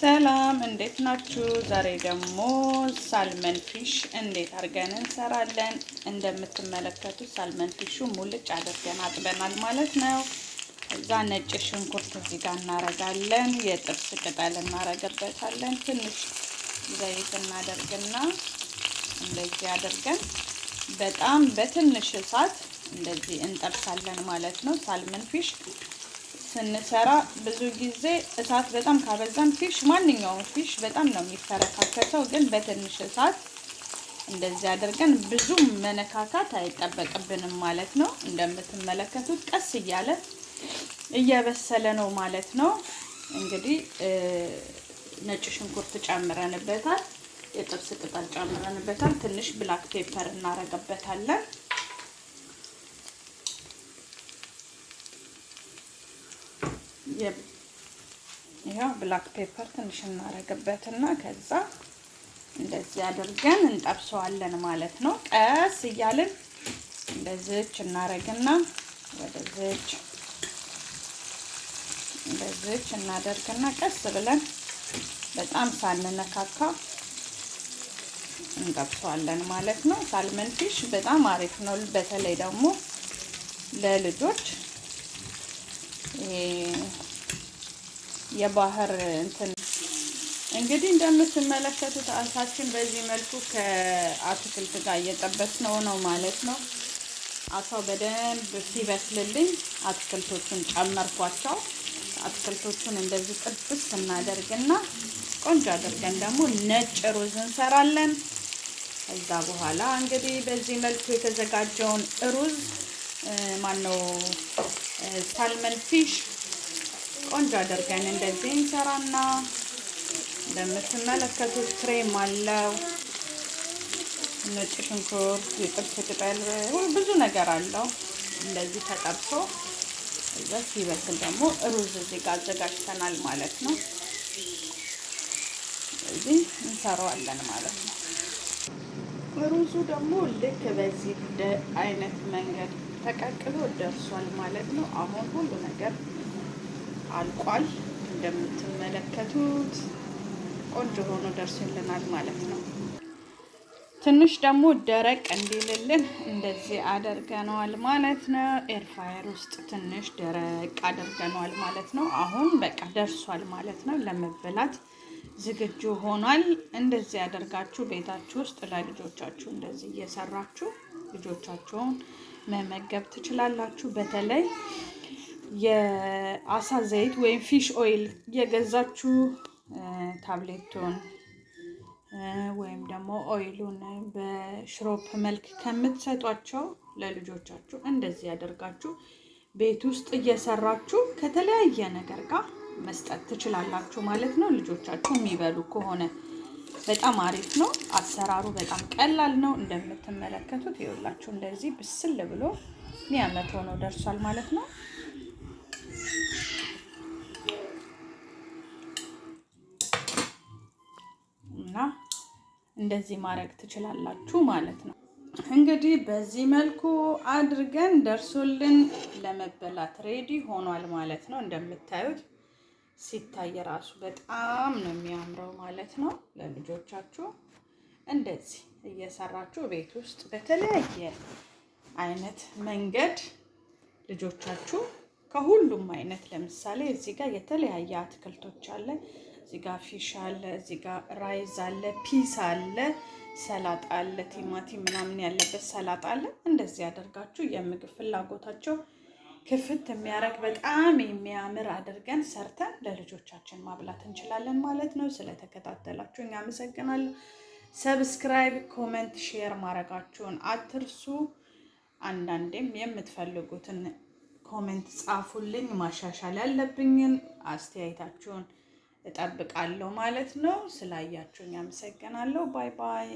ሰላም እንዴት ናችሁ? ዛሬ ደግሞ ሳልመን ፊሽ እንዴት አድርገን እንሰራለን። እንደምትመለከቱት ሳልመን ፊሹ ሙልጭ አድርገን አጥበናል ማለት ነው። እዛ ነጭ ሽንኩርት እዚህ ጋር እናረጋለን። የጥብስ ቅጠል እናረግበታለን። ትንሽ ዘይት እናደርግና እንደዚህ አድርገን በጣም በትንሽ እሳት እንደዚህ እንጠብሳለን ማለት ነው ሳልመን ፊሽ ስንሰራ ብዙ ጊዜ እሳት በጣም ካበዛን ፊሽ ማንኛውም ፊሽ በጣም ነው የሚፈረካከተው። ግን በትንሽ እሳት እንደዚህ አድርገን ብዙ መነካካት አይጠበቅብንም ማለት ነው። እንደምትመለከቱት ቀስ እያለ እየበሰለ ነው ማለት ነው። እንግዲህ ነጭ ሽንኩርት ጨምረንበታል፣ የጥብስ ቅጠል ጨምረንበታል፣ ትንሽ ብላክ ፔፐር እናረገበታለን። ይኸው ብላክ ፔፐር ትንሽ እና ከዛ እንደዚህ አድርገን እንጠብሰዋለን ማለት ነው። ቀስ እያልን እንደዚች እናረግና ወደዚች እንደዚች እናደርግና ቀስ ብለን በጣም ሳንነካካ እንጠብሰዋለን ማለት ነው። ሳልመን ፊሽ በጣም አሪፍ ነው። በተለይ ደግሞ ለልጆች የባህር እንትን እንግዲህ እንደምትመለከቱት አሳችን በዚህ መልኩ ከአትክልት ጋር እየጠበስ ነው ነው ማለት ነው። አሳው በደንብ ሲበስልልኝ አትክልቶቹን ጨመርኳቸው። አትክልቶቹን እንደዚህ ጥብስ እናደርግና ቆንጆ አድርገን ደግሞ ነጭ ሩዝ እንሰራለን። ከዛ በኋላ እንግዲህ በዚህ መልኩ የተዘጋጀውን ሩዝ ማነው ሳልመን ፊሽ ቆንጆ አድርገን እንደዚህ እንሰራና እንደምትመለከቱት ክሬም አለው፣ ነጭ ሽንኩርት፣ የጥብስ ቅጠል፣ ብዙ ነገር አለው። እንደዚህ ተጠብሶ እዛ ሲበስል ደግሞ ሩዝ እዚህ ጋር አዘጋጅተናል ማለት ነው። እዚህ እንሰራዋለን ማለት ነው። ሩዙ ደግሞ ልክ በዚህ አይነት መንገድ ተቀቅሎ ደርሷል ማለት ነው። አሁን ሁሉ ነገር አልቋል። እንደምትመለከቱት ቆንጆ ሆኖ ደርሶልናል ማለት ነው። ትንሽ ደግሞ ደረቅ እንዲልልን እንደዚህ አደርገነዋል ማለት ነው። ኤርፋየር ውስጥ ትንሽ ደረቅ አደርገነዋል ማለት ነው። አሁን በቃ ደርሷል ማለት ነው። ለመበላት ዝግጁ ሆኗል። እንደዚህ ያደርጋችሁ ቤታችሁ ውስጥ ለልጆቻችሁ እንደዚህ እየሰራችሁ ልጆቻችሁን መመገብ ትችላላችሁ። በተለይ የአሳ ዘይት ወይም ፊሽ ኦይል የገዛችሁ ታብሌቱን ወይም ደግሞ ኦይሉን በሽሮፕ መልክ ከምትሰጧቸው ለልጆቻችሁ እንደዚህ ያደርጋችሁ ቤት ውስጥ እየሰራችሁ ከተለያየ ነገር ጋር መስጠት ትችላላችሁ ማለት ነው። ልጆቻችሁ የሚበሉ ከሆነ በጣም አሪፍ ነው። አሰራሩ በጣም ቀላል ነው። እንደምትመለከቱት ይኸውላችሁ እንደዚህ ብስል ብሎ ሚያመት ሆኖ ደርሷል ማለት ነው። እንደዚህ ማድረግ ትችላላችሁ ማለት ነው። እንግዲህ በዚህ መልኩ አድርገን ደርሶልን ለመበላት ሬዲ ሆኗል ማለት ነው። እንደምታዩት ሲታይ ራሱ በጣም ነው የሚያምረው ማለት ነው። ለልጆቻችሁ እንደዚህ እየሰራችሁ ቤት ውስጥ በተለያየ አይነት መንገድ ልጆቻችሁ ከሁሉም አይነት ለምሳሌ እዚህ ጋር የተለያየ አትክልቶች አለ እዚህ ጋር ፊሽ አለ፣ እዚህ ጋር ራይዝ አለ፣ ፒስ አለ፣ ሰላጣ አለ፣ ቲማቲም ምናምን ያለበት ሰላጣ አለ። እንደዚህ ያደርጋችሁ የምግብ ፍላጎታቸው ክፍት የሚያደርግ በጣም የሚያምር አድርገን ሰርተን ለልጆቻችን ማብላት እንችላለን ማለት ነው። ስለተከታተላችሁ እኛ አመሰግናለሁ። ሰብስክራይብ፣ ኮመንት፣ ሼር ማድረጋችሁን አትርሱ። አንዳንዴም የምትፈልጉትን ኮመንት ጻፉልኝ። ማሻሻል ያለብኝን አስተያየታችሁን እጠብቃለሁ ማለት ነው። ስላያችሁኝ አመሰግናለሁ። ባይ ባይ